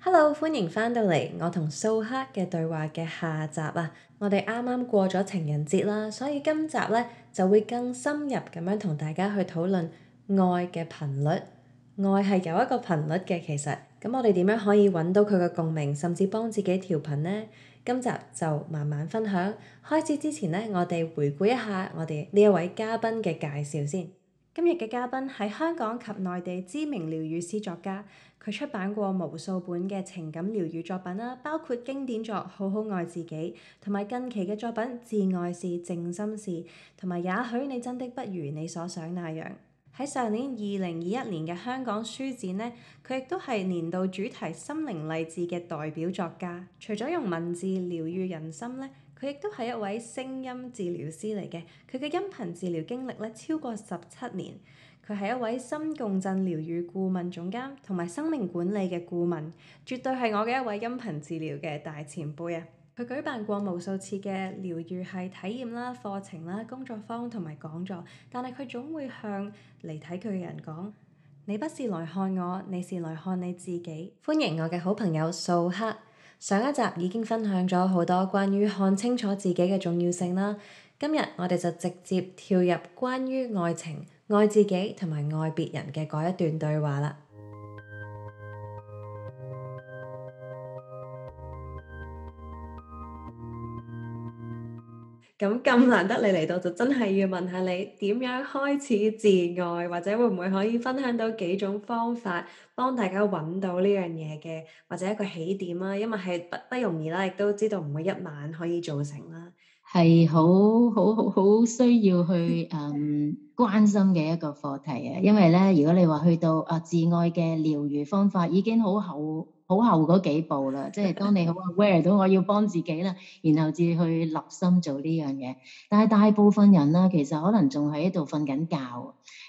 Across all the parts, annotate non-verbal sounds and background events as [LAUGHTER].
Hello，歡迎返到嚟我同素黑嘅對話嘅下集啊！我哋啱啱過咗情人節啦，所以今集咧就會更深入咁樣同大家去討論愛嘅頻率。愛係有一個頻率嘅，其實咁我哋點樣可以揾到佢嘅共鳴，甚至幫自己調頻呢？今集就慢慢分享。開始之前咧，我哋回顧一下我哋呢一位嘉賓嘅介紹先。今日嘅嘉賓係香港及內地知名療愈師作家，佢出版過無數本嘅情感療愈作品啦，包括經典作《好好愛自己》，同埋近期嘅作品《至愛是正心事》，同埋也許你真的不如你所想那樣。喺上年二零二一年嘅香港書展，呢佢亦都係年度主題《心靈勵志》嘅代表作家。除咗用文字療愈人心，呢佢亦都係一位聲音治療師嚟嘅。佢嘅音頻治療經歷呢超過十七年。佢係一位心共振療愈顧問總監同埋生命管理嘅顧問，絕對係我嘅一位音頻治療嘅大前輩啊！佢舉辦過無數次嘅療癒系體驗啦、課程啦、工作坊同埋講座，但係佢總會向嚟睇佢嘅人講：你不是來看我，你是來看你自己。歡迎我嘅好朋友素黑，上一集已經分享咗好多關於看清楚自己嘅重要性啦。今日我哋就直接跳入關於愛情、愛自己同埋愛別人嘅嗰一段對話啦。咁咁難得你嚟到，就真係要問下你點樣開始自愛，或者會唔會可以分享到幾種方法，幫大家揾到呢樣嘢嘅，或者一個起點啦、啊。因為係不不容易啦，亦都知道唔會一晚可以做成啦，係好好好，好需要去誒。 [LAUGHS] 關心嘅一個課題啊，因為咧，如果你話去到啊自愛嘅療愈方法，已經好後好後嗰幾步啦， [LAUGHS] 即係當你好 aware 到我要幫自己啦，然後至去立心做呢樣嘢。但係大部分人啦、啊，其實可能仲喺度瞓緊覺，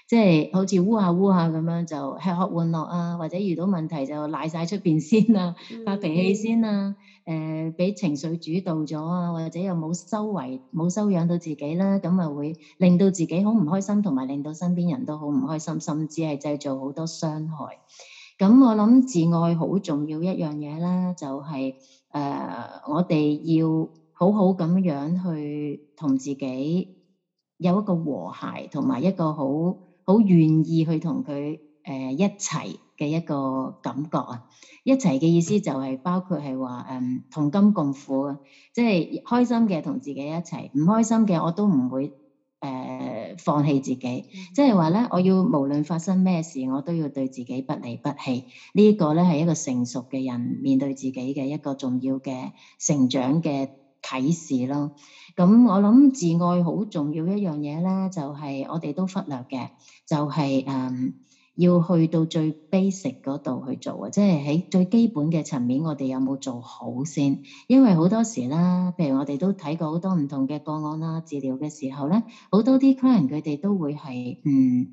即係好似烏下烏下咁樣就吃喝玩樂啊，或者遇到問題就賴晒出邊先啊，發 [LAUGHS] 脾氣先啊，誒、呃、俾情緒主導咗啊，或者又冇修為冇修養到自己啦，咁啊會令到自己好唔開心。 [LAUGHS] 同埋令到身邊人都好唔開心，甚至係製造好多傷害。咁我諗自愛好重要一樣嘢啦，就係、是、誒、呃、我哋要好好咁樣去同自己有一個和諧同埋一個好好願意去同佢誒一齊嘅一個感覺啊！一齊嘅意思就係包括係話誒同甘共苦啊，即、就、係、是、開心嘅同自己一齊，唔開心嘅我都唔會，誒、呃，放棄自己，即係話咧，我要無論發生咩事，我都要對自己不離不棄。這個、呢一個咧係一個成熟嘅人面對自己嘅一個重要嘅成長嘅啟示咯。咁、嗯、我諗自愛好重要一樣嘢咧，就係、是、我哋都忽略嘅，就係、是、誒。嗯要去到最 basic 嗰度去做啊，即係喺最基本嘅層面，我哋有冇做好先？因為好多時啦，譬如我哋都睇過好多唔同嘅個案啦，治療嘅時候咧，好多啲 client 佢哋都會係嗯。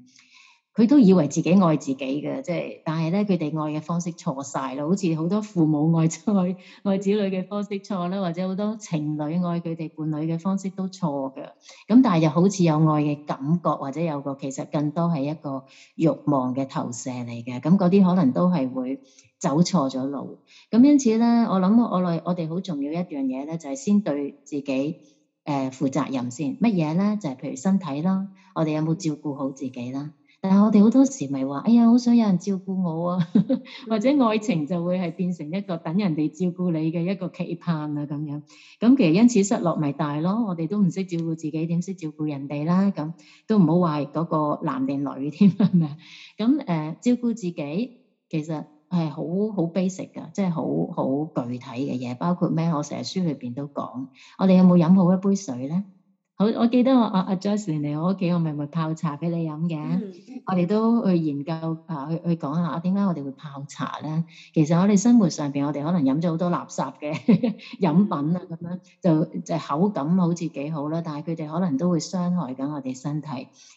佢都以為自己愛自己嘅，但係呢，佢哋愛嘅方式錯曬咯。好似好多父母愛愛子女嘅方式錯啦，或者好多情侶愛佢哋伴侶嘅方式都錯嘅。咁但係又好似有愛嘅感覺，或者有個其實更多係一個慾望嘅投射嚟嘅。咁嗰啲可能都係會走錯咗路。咁因此呢，我諗我我哋好重要一樣嘢呢，就係先對自己誒負責任先。乜嘢呢？就係、係、譬如身體啦，我哋有冇照顧好自己啦？但係我哋好多時咪話，哎呀，好想有人照顧我啊， [LAUGHS] 或者愛情就會係變成一個等人哋照顧你嘅一個期盼啊，咁樣，咁其實因此失落咪大咯。我哋都唔識照顧自己，點識照顧人哋啦？咁都唔好話嗰個男定女添，係 [LAUGHS] 咪？咁、呃、誒，照顧自己其實係好好 basic 噶，即係好好具體嘅嘢，包括咩？我成日書裏邊都講，我哋有冇飲好一杯水咧？好，我記得我阿阿 Joyce 嚟我屋企，我咪咪泡茶俾你飲嘅。Mm hmm. 我哋都去研究啊，去去講下，點解我哋會泡茶咧？其實我哋生活上邊，我哋可能飲咗好多垃圾嘅飲品啊，咁樣，mm hmm. 就就口感好似幾好啦。但係佢哋可能都會傷害緊我哋身體，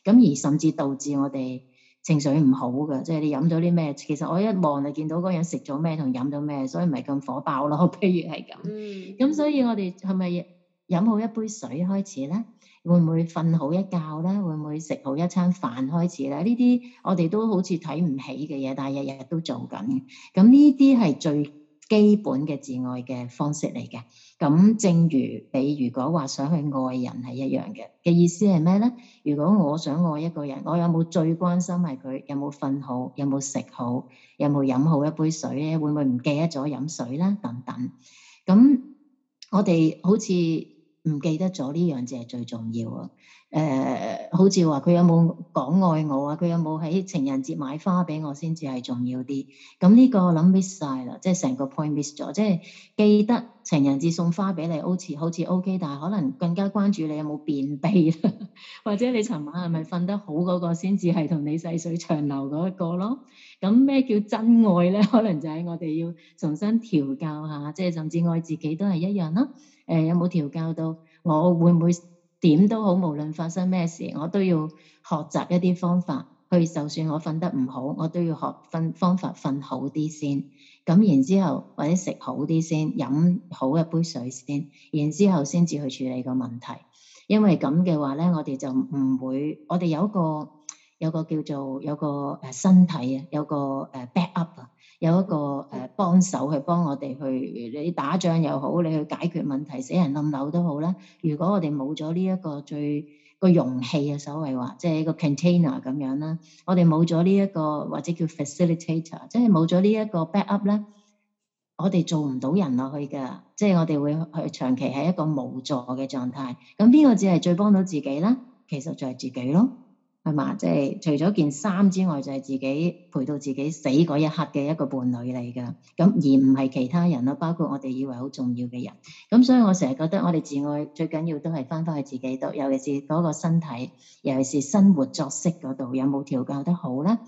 咁而甚至導致我哋情緒唔好嘅。即係你飲咗啲咩？其實我一望就見到嗰人食咗咩同飲咗咩，所以唔係咁火爆咯。譬如係咁，咁、mm hmm. 所以我哋係咪？是飲好一杯水開始咧，會唔會瞓好一覺咧？會唔會食好一餐飯開始咧？呢啲我哋都好似睇唔起嘅嘢，但係日日都做緊。咁呢啲係最基本嘅自愛嘅方式嚟嘅。咁正如你如果話想去愛人係一樣嘅嘅意思係咩咧？如果我想愛一個人，我有冇最關心係佢有冇瞓好，有冇食好，有冇飲好一杯水咧？會唔會唔記得咗飲水咧？等等。咁我哋好似～唔記得咗呢樣嘢最重要啊！誒、呃，好似話佢有冇講愛我啊？佢有冇喺情人節買花俾我先至係重要啲。咁呢個我諗 miss 晒啦，即係成個 point miss 咗。即係記得情人節送花俾你，好似好似 OK，但係可能更加關注你有冇便秘， [LAUGHS] 或者你尋晚係咪瞓得好嗰個先至係同你細水長流嗰一個咯。咁咩叫真愛咧？可能就係我哋要重新調教下，即係甚至愛自己都係一樣咯。誒、呃、有冇調教到？我會唔會點都好，無論發生咩事，我都要學習一啲方法，去就算我瞓得唔好，我都要學方法瞓好啲先。咁然之後，或者食好啲先，飲好一杯水先，然之後先至去處理個問題。因為咁嘅話咧，我哋就唔會，我哋有個有個叫做有個身體，有個 back up。有一個誒幫、呃、手去幫我哋去，你打仗又好，你去解決問題、死人冧樓都好啦。如果我哋冇咗呢一個最個容器啊，所謂話即係一個 container 咁樣啦，我哋冇咗呢一個或者叫 facilitator，即係冇咗呢一個 back up 咧，我哋做唔到人落去噶，即係我哋會去長期係一個無助嘅狀態。咁邊個只係最幫到自己咧？其實就係自己咯。係嘛？即係、就是、除咗件衫之外，就係、是、自己陪到自己死嗰一刻嘅一個伴侶嚟噶，咁而唔係其他人咯，包括我哋以為好重要嘅人。咁所以我成日覺得我哋自愛最緊要都係翻翻去自己度，尤其是嗰個身體，尤其是生活作息嗰度有冇調教得好啦。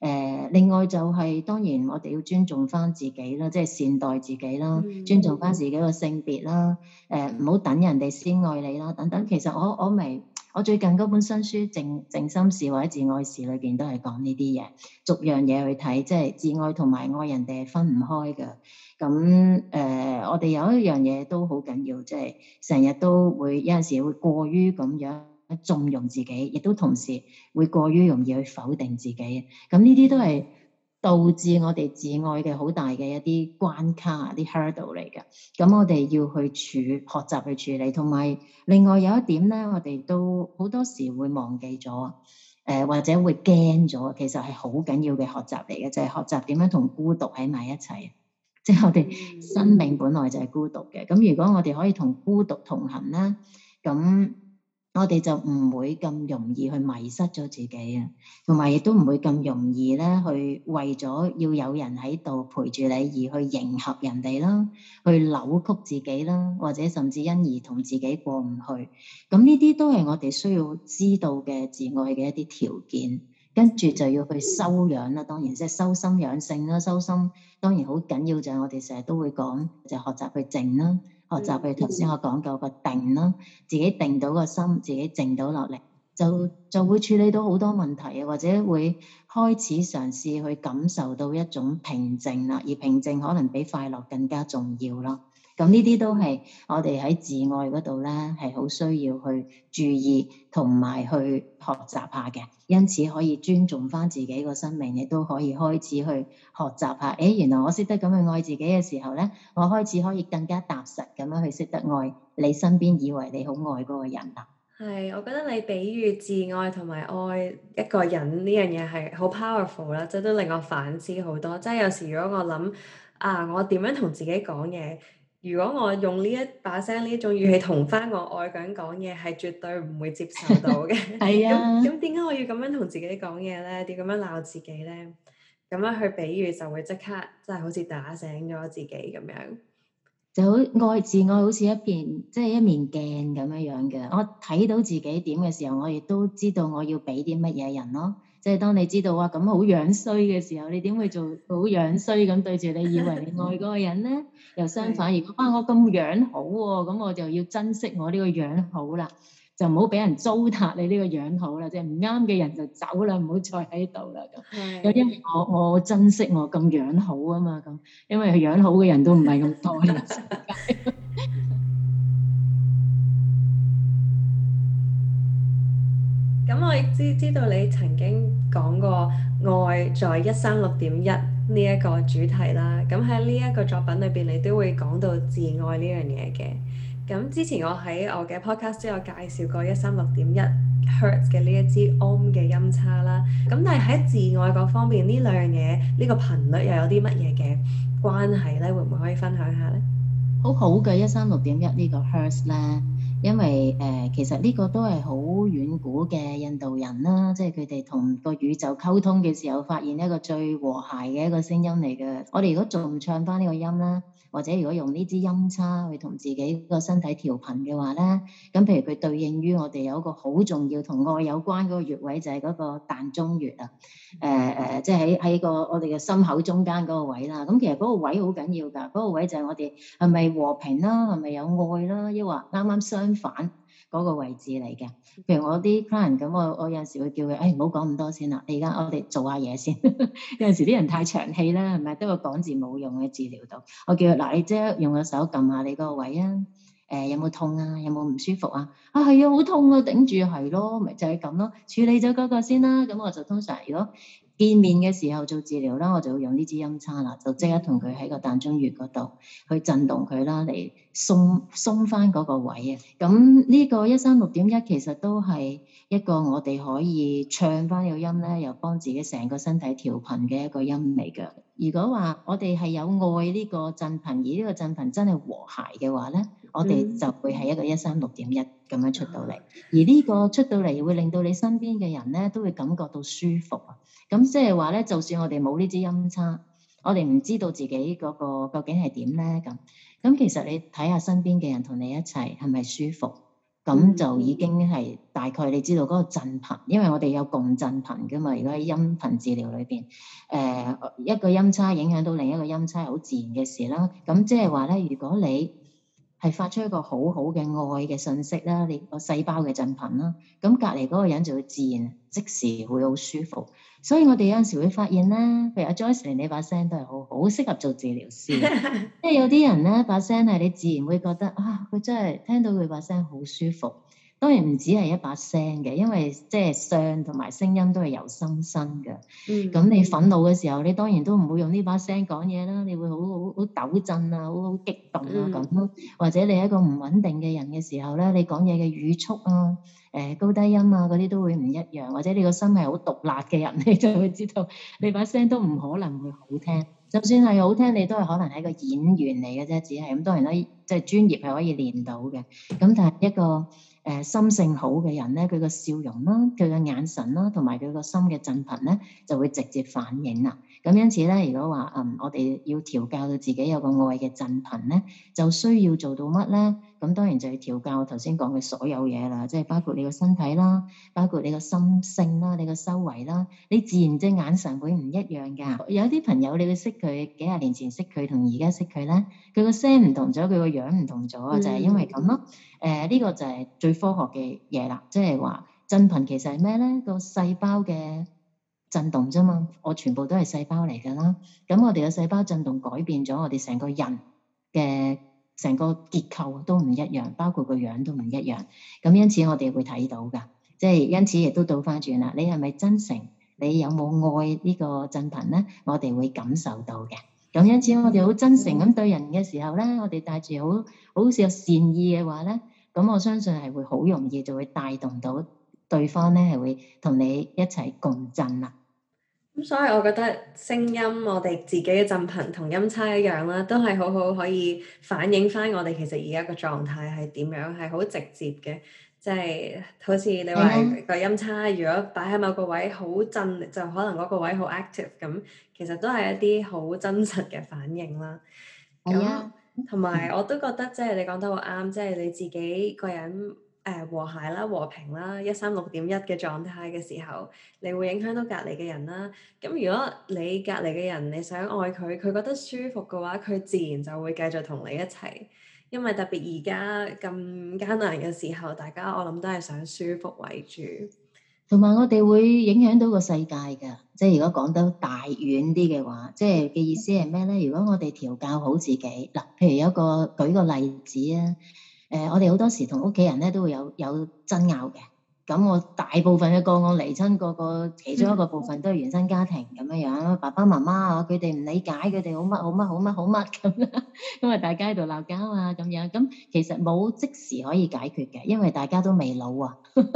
誒、呃，另外就係、是、當然我哋要尊重翻自己啦，即係善待自己啦，嗯、尊重翻自己嘅性別啦。誒、呃，唔好、嗯、等人哋先愛你啦，等等。其實我我未。我我最近嗰本新書《靜靜心事》或者《自愛事》裏面都係講呢啲嘢，逐樣嘢去睇，即係自愛同埋愛人哋分唔開嘅。咁、呃、我哋有一樣嘢都好緊要，即係成日都會有陣時會過於咁樣縱容自己，亦都同時會過於容易去否定自己。咁呢啲都係。導致我哋自愛嘅好大嘅一啲關卡、一啲 hurdle 嚟嘅。咁我哋要去處學習去處理，同埋另外有一點咧，我哋都好多時會忘記咗，誒、呃、或者會驚咗。其實係好緊要嘅學習嚟嘅，就係、是、學習點樣同孤獨喺埋一齊。即、就、係、是、我哋生命本來就係孤獨嘅。咁如果我哋可以同孤獨同行啦。咁。我哋就唔會咁容易去迷失咗自己，同埋亦都唔會咁容易咧去為咗要有人喺度陪住你，而去迎合人哋啦，去扭曲自己啦，或者甚至因而同自己過唔去。咁呢啲都係我哋需要知道嘅自愛嘅一啲條件，跟住就要去修養啦。當然即係修心養性啦，修心當然好緊要。就係、我哋成日都會講，就是、學習去靜啦。學習，譬如頭先我講到個定啦，自己定到個心，自己靜到落嚟，就就會處理到好多問題啊，或者會開始嘗試去感受到一種平靜啦，而平靜可能比快樂更加重要咯。咁呢啲都係我哋喺自愛嗰度咧，係好需要去注意同埋去學習下嘅。因此可以尊重返自己個生命，亦都可以開始去學習下。誒、欸，原來我識得咁去愛自己嘅時候咧，我開始可以更加踏實咁樣去識得愛你身邊以為你好愛嗰個人啦。係，我覺得你比喻自愛同埋愛一個人呢樣嘢係好 powerful 啦，即、這個、都令我反思好多。即、就、係、是、有時如果我諗啊，我點樣同自己講嘢？如果我用呢一把聲、呢一種語氣同翻我愛嘅人講嘢，係絕對唔會接受到嘅。係 [LAUGHS] [LAUGHS] 是啊， [LAUGHS] 咁點解我要咁樣同自己講嘢咧？點咁樣鬧自己咧？咁樣去比喻就會即刻即係好似打醒咗自己咁樣。就好愛自愛好，好似一邊即係一面鏡咁樣樣嘅。我睇到自己點嘅時候，我亦都知道我要俾啲乜嘢人咯。即係當你知道哇、啊，咁好樣衰嘅時候，你點會做好樣衰咁對住你以為你愛嗰個人咧？ [LAUGHS] 又相反而，如果話我咁樣好喎、啊，咁我就要珍惜我呢個樣好啦，就唔好俾人糟蹋你呢個樣好啦，即係唔啱嘅人就走啦，唔好再喺度啦咁。因為 [LAUGHS] 我我珍惜我咁樣好啊嘛，咁因為樣好嘅人都唔係咁多。 [LAUGHS] [LAUGHS] 咁我亦知知道你曾經講過愛在一三六點一呢一個主題啦，咁喺呢一個作品裏邊你都會講到自愛呢樣嘢嘅。咁之前我喺我嘅 podcast 都有介紹過一三六點一 Hertz 嘅呢一支 Om 嘅音叉啦。咁但係喺自愛嗰方面呢兩樣嘢，呢個頻率又有啲乜嘢嘅關係呢？會唔會可以分享下呢？好好嘅一三六點一呢個 Hertz 咧。因為、呃、其實呢個都係好遠古嘅印度人啦，即係佢哋同個宇宙溝通嘅時候，發現一個最和諧嘅一個聲音嚟嘅。我哋如果仲唱返呢個音呢，或者如果用呢支音叉去同自己個身體調頻嘅話呢，咁譬如佢對應於我哋有一個好重要同愛有關嗰個穴位就係、是、嗰個膻中穴啊，誒、呃、誒，即係喺喺個我哋嘅心口中間嗰個位啦。咁、嗯、其實嗰個位好緊要㗎，嗰、那個位就係我哋係咪和平啦，係咪有愛啦，抑或啱啱相反？嗰個位置嚟嘅，譬如我啲 client 咁，我我有陣時會叫佢，誒唔好講咁多先啦，你而家我哋做下嘢先。 [LAUGHS] 有陣時啲人太長氣啦，係咪？都話講字冇用嘅治療度，我叫佢嗱，你即刻用個手撳下你個位啊，誒、呃、有冇痛啊？有冇唔舒服啊？啊係啊，好痛啊！頂住係咯，咪就係咁咯，處理咗嗰個先啦。咁我就通常如果，見面嘅時候做治療啦，我就要用呢支音叉啦，就即刻同佢喺個膻中穴嗰度去振動佢啦，嚟鬆鬆翻嗰個位啊！咁呢個一三六點一其實都係一個我哋可以唱翻個音呢，又幫自己成個身體調頻嘅一個音嚟嘅。如果話我哋係有愛呢個振頻，而呢個振頻真係和諧嘅話咧，我哋就會係一個一三六點一咁樣出到嚟。而呢個出到嚟會令到你身邊嘅人咧都會感覺到舒服啊。咁即係話咧，就算我哋冇呢支音叉，我哋唔知道自己嗰個究竟係點咧咁。咁其實你睇下，身邊嘅人同你一齊係咪舒服？咁就已經係大概你知道嗰個振頻，因為我哋有共振頻㗎嘛，如果喺音頻治療裏邊，誒、呃、一個音叉影響到另一個音叉，係好自然嘅事啦。咁即係話呢，如果你係發出一個好好嘅愛嘅信息啦，你個細胞嘅振頻啦，咁隔離嗰個人就會自然即時會好舒服。所以我哋有陣時會發現呢，譬如阿 Joyce 玲你把聲都係好好適合做治療師，即係 [LAUGHS] 有啲人呢，把聲係你自然會覺得啊，佢真係聽到佢把聲好舒服。當然唔止係一把聲嘅，因為即係相同埋聲音都係由心生嘅。嗯，咁你憤怒嘅時候，你當然都唔會用呢把聲講嘢啦。你會好好好抖震啊，好好激動啊咁、嗯。或者你係一個唔穩定嘅人嘅時候咧，你講嘢嘅語速啊、誒、呃、高低音啊嗰啲都會唔一樣。或者你個心係好獨立嘅人，你就會知道你把聲都唔可能會好聽。就算係好聽，你都係可能係一個演員嚟嘅啫，只係咁。當然可以，即係專業係可以練到嘅。咁但係一個，誒、呃、心性好嘅人咧，佢個笑容啦，佢個眼神啦，同埋佢個心嘅振頻咧，就會直接反映啦。咁因此咧，如果話嗯，我哋要調教到自己有個愛嘅振頻咧，就需要做到乜咧？咁當然就要調教我頭先講嘅所有嘢啦，即係包括你個身體啦，包括你個心性啦，你個修為啦，你自然即眼神會唔一樣㗎。有啲朋友你會識佢幾廿年前識佢同而家識佢咧，佢個聲唔同咗，佢個樣唔同咗，就係因為咁咯。誒、呃，呢、這個就係最科學嘅嘢啦，即係話振頻其實係咩呢？個細胞嘅振動啫嘛，我全部都係細胞嚟㗎啦。咁我哋嘅細胞振動改變咗我哋成個人嘅。成個結構都唔一樣，包括個樣都唔一樣。咁因此我哋會睇到㗎，即係因此亦都倒返轉啦。你係咪真誠？你有冇愛呢個振頻呢？我哋會感受到嘅。咁因此我哋好真誠咁對人嘅時候呢，我哋帶住好好有善意嘅話呢，咁我相信係會好容易就會帶動到對方呢，係會同你一齊共振啦。咁所以，我覺得聲音，我哋自己嘅震頻同音叉一樣啦，都係好好可以反映翻我哋其實而家個狀態係點樣，係好直接嘅。即係好似你話個音叉，如果擺喺某個位好震，就可能嗰個位好 active 咁，其實都係一啲好真實嘅反應啦。咁同埋我都覺得，即係你講得好啱，即係你自己個人。誒、呃、和諧啦、和平啦、一三六點一嘅狀態嘅時候，你會影響到隔離嘅人啦。咁、嗯、如果你隔離嘅人你想愛佢，佢覺得舒服嘅話，佢自然就會繼續同你一齊。因為特別而家咁艱難嘅時候，大家我諗都係想舒服為主。同埋我哋會影響到個世界㗎，即係如果講得大遠啲嘅話，即係嘅意思係咩呢？如果我哋調教好自己，嗱、呃，譬如有個舉個例子啊。誒、呃，我哋好多時同屋企人咧都會有有爭拗嘅，咁我大部分嘅個案離親個個其中一個部分都係原生家庭咁樣樣，爸爸媽媽啊，佢哋唔理解佢哋好乜好乜好乜好乜咁，因為大家喺度鬧交啊咁樣，咁其實冇即時可以解決嘅，因為大家都未老啊。 [LAUGHS]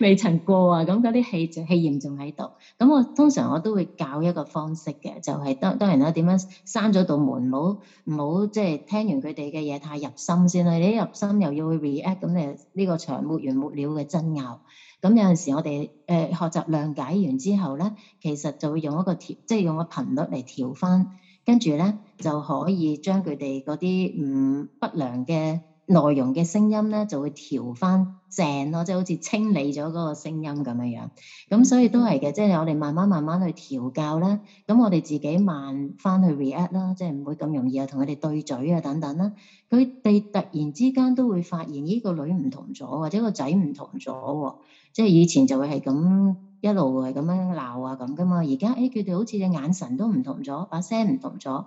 未 [LAUGHS] 曾過啊，咁嗰啲氣仲氣焰仲喺度。咁我通常我都會教一個方式嘅，就係、是、當當然啦，點樣閂咗道門，唔好唔好即係聽完佢哋嘅嘢太入心先啦。你一入心又要去 react，咁你呢個場沒完沒了嘅爭拗。咁有陣時我哋誒、呃、學習諒解完之後咧，其實就會用一個調，即係用個頻率嚟調返，跟住咧就可以將佢哋嗰啲唔不良嘅。內容嘅聲音呢就會調翻正咯，即係好似清理咗嗰個聲音咁樣樣。咁所以都係嘅，即係我哋慢慢慢慢去調教啦。咁我哋自己慢翻去 react 啦，即係唔會咁容易啊同佢哋對嘴啊等等啦。佢哋突然之間都會發現，呢個女唔同咗，或者個仔唔同咗喎。即係以前就會係咁一路係咁樣鬧啊咁噶嘛。而家誒佢哋好似隻眼神都唔同咗，把聲唔同咗。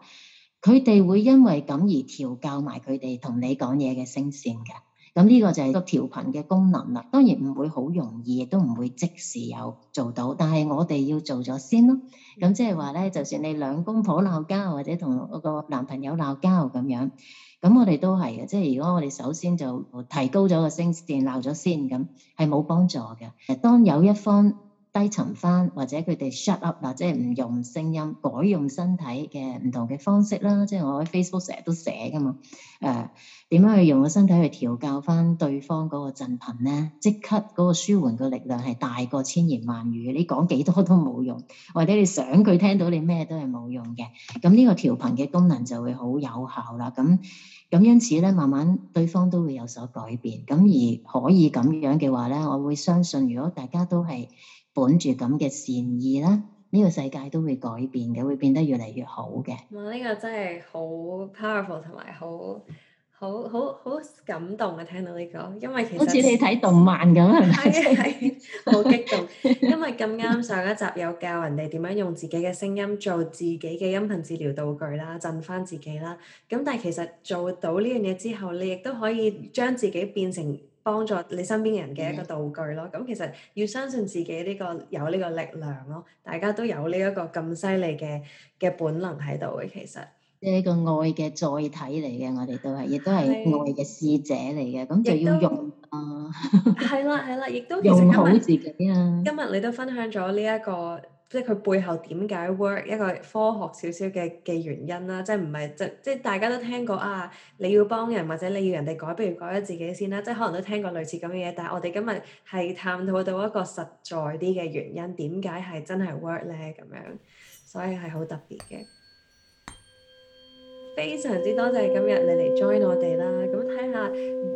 佢哋會因為咁而調教埋佢哋同你講嘢嘅聲線嘅，咁呢個就係個調頻嘅功能啦。當然唔會好容易，亦都唔會即時有做到。但係我哋要做咗先咯。咁即係話呢，就算你兩公婆鬧交，或者同個男朋友鬧交咁樣，咁我哋都係嘅。即係如果我哋首先就提高咗個聲線鬧咗先，咁係冇幫助嘅。當有一方，低沉翻，或者佢哋 shut up 或者唔用聲音，改用身體嘅唔同嘅方式啦，即係我喺 Facebook 成日都寫㗎嘛，誒點樣去用個身體去調教翻對方嗰個震頻咧？即刻嗰個舒緩嘅力量係大過千言萬語，你講幾多都冇用，或者你想佢聽到你咩都係冇用嘅。咁呢個調頻嘅功能就會好有效啦。咁咁因此咧，慢慢對方都會有所改變。咁而可以咁樣嘅話咧，我會相信，如果大家都係。本住咁嘅善意啦，呢個世界都會改變嘅，會變得越嚟越好嘅。哇！呢個真係好 powerful，同埋好好好好感動啊！聽到呢個，因為其實好似你睇動漫咁，係係好激動。 [LAUGHS] 因為咁啱上一集有教人哋點樣用自己嘅聲音做自己嘅音頻治療道具啦，震翻自己啦。咁但係其實做到呢樣嘢之後，你亦都可以將自己變成。幫助你身邊人嘅一個道具咯，咁、嗯、其實要相信自己呢、呢個有呢個力量咯，大家都有呢一個咁犀利嘅嘅本能喺度嘅，其實。呢個愛嘅載體嚟嘅，我哋都係，亦都係愛嘅使者嚟嘅，咁的就要用啊。係啦都，係啦， [LAUGHS] 亦都其實今日，啊、今日你都分享咗呢一個，即係佢背後點解 work 一個科學少少嘅嘅原因啦，即係唔係即即係大家都聽過啊，你要幫人或者你要人哋改，不如改咗自己先啦。即係可能都聽過類似咁嘅嘢，但係我哋今日係探討到一個實在啲嘅原因，點解係真係 work 咧咁樣，所以係好特別嘅。非常之多謝今日你嚟 join 我哋啦，咁睇下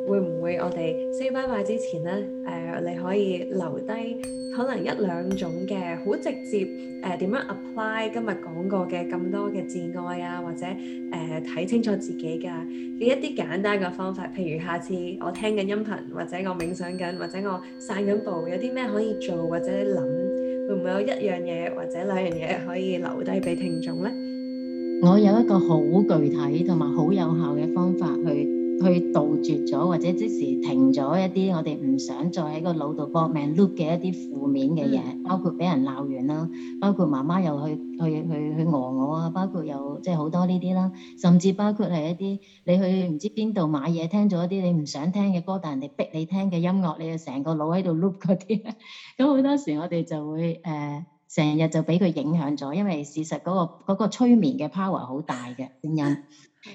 會唔會我哋 say bye bye 之前咧，誒、呃、你可以留低可能一兩種嘅好直接誒點、呃、樣 apply 今日講過嘅咁多嘅自愛啊，或者誒睇、呃、清楚自己㗎嘅一啲簡單嘅方法，譬如下次我聽緊音頻，或者我冥想緊，或者我散緊步，有啲咩可以做或者諗，會唔會有一樣嘢或者兩樣嘢可以留低俾聽眾咧？我有一個好具體同埋好有效嘅方法去，去去杜絕咗或者即時停咗一啲我哋唔想再喺個腦度搏命碌嘅一啲負面嘅嘢，嗯、包括俾人鬧完啦，包括媽媽又去去去去餓我啊，包括又即係好多呢啲啦，甚至包括係一啲你去唔知邊度買嘢，聽咗一啲你唔想聽嘅歌，但人哋逼你聽嘅音樂，你就成個腦喺度碌嗰啲，咁 [LAUGHS] 好多時我哋就會誒。呃成日就俾佢影響咗，因為事實嗰個嗰個催眠嘅 power 好大嘅聲音。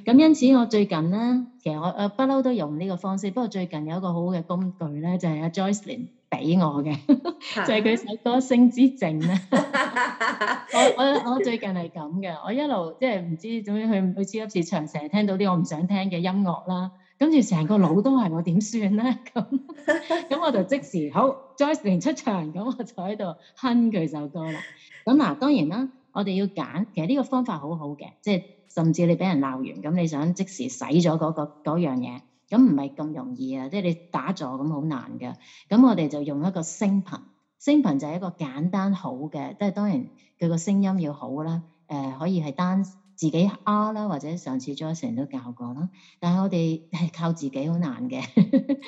咁因此我最近呢，其實我誒不嬲都用呢個方式。不過最近有一個好好嘅工具咧，就係阿 Joyce Ling 俾我嘅， [LAUGHS] [LAUGHS] 就係佢首歌《星之靜》。我我我最近係咁嘅，我一路即係唔知點樣去去超級市場，成日聽到啲我唔想聽嘅音樂啦。跟住成個腦都係我點算咧？咁 [LAUGHS] 咁我就即時好 Jasmin 出場，咁我就喺度哼佢首歌啦。咁嗱，當然啦，我哋要揀，其實呢個方法好好嘅，即係甚至你俾人鬧完，咁你想即時洗咗嗰、嗰個樣嘢，咁唔係咁容易啊！即係你打坐，咁好難嘅。咁我哋就用一個聲頻，聲頻就係一個簡單好嘅，即係當然佢個聲音要好啦，誒、呃、可以係單，自己 R 啦，或者上次 Joyce 都教過啦，但係我哋係靠自己好難嘅，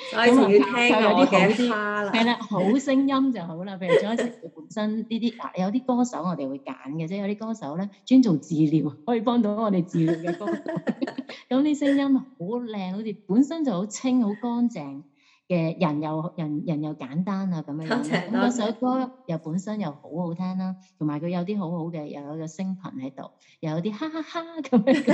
所以就要聽， [LAUGHS] 嗯、聽好啲。係 [LAUGHS] 啦，好聲音就好啦。譬如 Joyce 本身呢啲，嗱 [LAUGHS] 有啲歌手我哋會揀嘅，即係有啲歌手咧，專做治療，可以幫到我哋治療嘅歌手，咁 [LAUGHS] 啲、嗯、聲音好靚，好似本身就好清好乾淨。嘅人又人人又簡單啊，咁樣樣，咁首歌又本身又好好聽啦、啊，同埋佢有啲好好嘅又有個聲頻喺度，又有啲哈哈哈咁樣，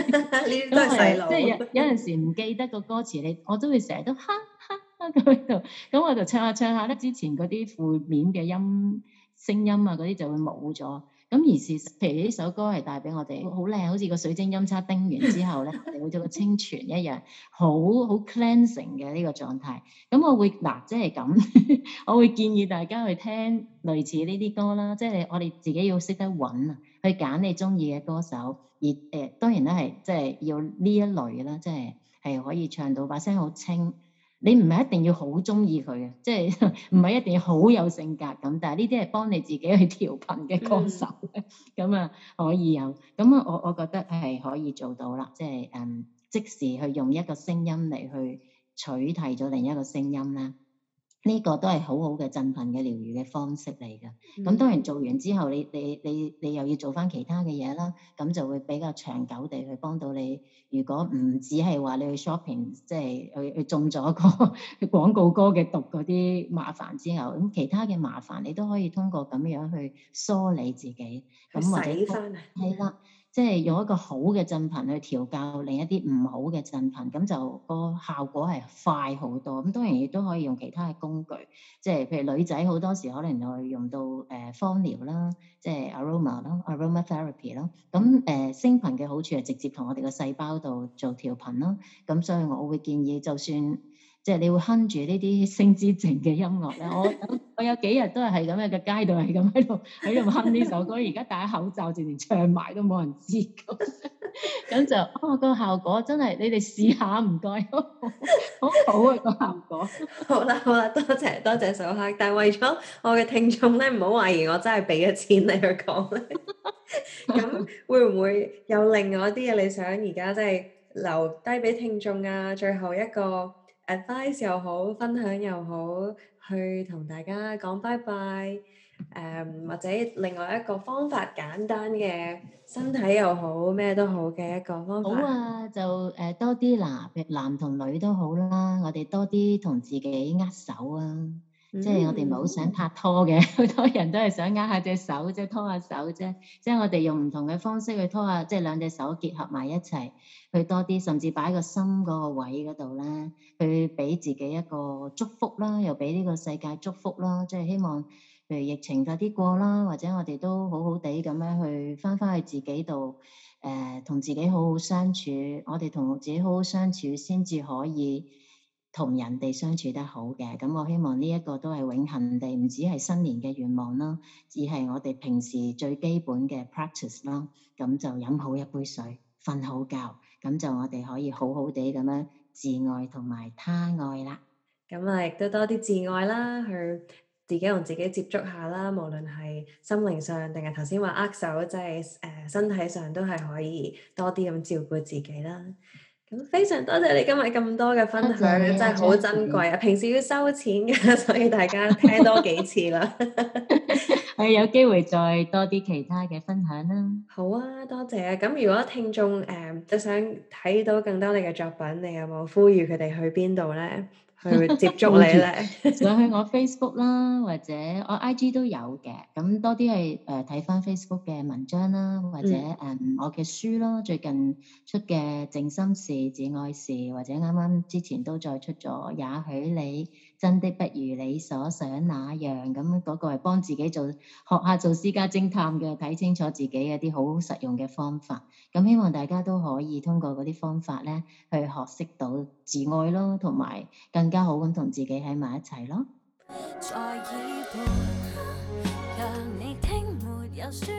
都係即係有有陣時唔記得個歌詞，你我都會成日都哈哈哈咁喺度，咁我就唱下唱下咧，之前嗰啲負面嘅音聲音啊嗰啲就會冇咗。咁而是，譬如呢首歌係帶俾我哋，好靚，好似個水晶音叉叮完之後咧，會做 [LAUGHS] 個清泉一樣，好好 cleansing 嘅呢個狀態。咁我會嗱，即係咁，就是、 [LAUGHS] 我會建議大家去聽類似呢啲歌啦。即、就、係、是、我哋自己要識得揾啊，去揀你中意嘅歌手，而誒、呃、當然咧係即係要呢一類啦，即係係可以唱到把聲好清。你唔係一定要好中意佢嘅，即係唔係一定要好有性格咁，嗯、但係呢啲係幫你自己去調頻嘅歌手咧，咁啊 [LAUGHS] [LAUGHS] 可以有，咁啊我我覺得係可以做到啦，即係誒即時去用一個聲音嚟去取締咗另一個聲音啦。呢個都係好好嘅振頻嘅療愈嘅方式嚟㗎。咁、嗯、當然做完之後，你你你你又要做翻其他嘅嘢啦。咁就會比較長久地去幫到你。如果唔只係話你去 shopping，即係去去中咗個廣告歌嘅毒嗰啲麻煩之後，咁其他嘅麻煩你都可以通過咁樣去梳理自己。咁或者係啦。嗯即係用一個好嘅振頻去調教另一啲唔好嘅振頻，咁就個效果係快好多。咁當然亦都可以用其他嘅工具，即係譬如女仔好多時可能會用到誒芳療啦，即係 aroma 啦，aromatherapy 啦。咁誒聲頻嘅好處係直接同我哋個細胞度做調頻咯。咁所以我會建議，就算。即係你會哼住呢啲聲之靜嘅音樂咧，我有我有幾日都係咁樣嘅街度係咁喺度喺度哼呢首歌，而家戴口罩直情唱埋都冇人知咁 [LAUGHS] 就，哦，那個效果真係，你哋試下唔該， [LAUGHS] 好好啊，那個效果，好啦好啦，多謝多謝素黑。但係為咗我嘅聽眾咧，唔好懷疑我真係俾咗錢你去講咧，咁 [LAUGHS] 會唔會有另外一啲嘢你想而家即係留低俾聽眾啊？最後一個。誒，Advice 又好，分享又好，去同大家講拜拜。誒、嗯，或者另外一個方法簡單嘅，身體又好，咩都好嘅一個方法。好啊，就誒、呃、多啲男，男同女都好啦，我哋多啲同自己握手啊！嗯、即係我哋唔係好想拍拖嘅，好 [LAUGHS] 多人都係想握下隻手即係，拖下手啫。即係我哋用唔同嘅方式去拖下，即係兩隻手結合埋一齊，去多啲，甚至擺個心嗰個位嗰度啦，去俾自己一個祝福啦，又俾呢個世界祝福啦。即係希望，譬如疫情快啲過啦，或者我哋都好好地咁樣去翻返去自己度，誒、呃，同自己好好相處。我哋同自己好好相處先至可以，同人哋相處得好嘅，咁我希望呢一個都係永恆地，唔止係新年嘅願望啦，而係我哋平時最基本嘅 practice 咯。咁就飲好一杯水，瞓好覺，咁就我哋可以好好地咁樣自愛同埋他愛啦。咁啊，亦都多啲自愛啦，去自己同自己接觸下啦，無論係心靈上定係頭先話握手，即係誒身體上都係可以多啲咁照顧自己啦。咁非常多謝你今日咁多嘅分享，真係好珍貴啊！平時要收錢㗎，所以大家聽多幾次啦，係 [LAUGHS] [LAUGHS] 有機會再多啲其他嘅分享啦。好啊，多謝啊！咁如果聽眾誒、uh, 都想睇到更多你嘅作品，你有冇呼籲佢哋去邊度咧？去 [LAUGHS] 接觸你咧，上 [LAUGHS] 去我 Facebook 啦，或者我 IG 都有嘅，咁多啲係誒睇、呃、翻 Facebook 嘅文章啦，或者誒、嗯嗯、我嘅書咯，最近出嘅《靜心事》《自愛事》，或者啱啱之前都再出咗，也許你真的不如你所想那樣，咁嗰個係幫自己做學下做私家偵探嘅，睇清楚自己嗰啲好實用嘅方法。咁希望大家都可以通過嗰啲方法咧，去學識到自愛咯，同埋更加好咁同自己喺埋一齊咯。 [MUSIC]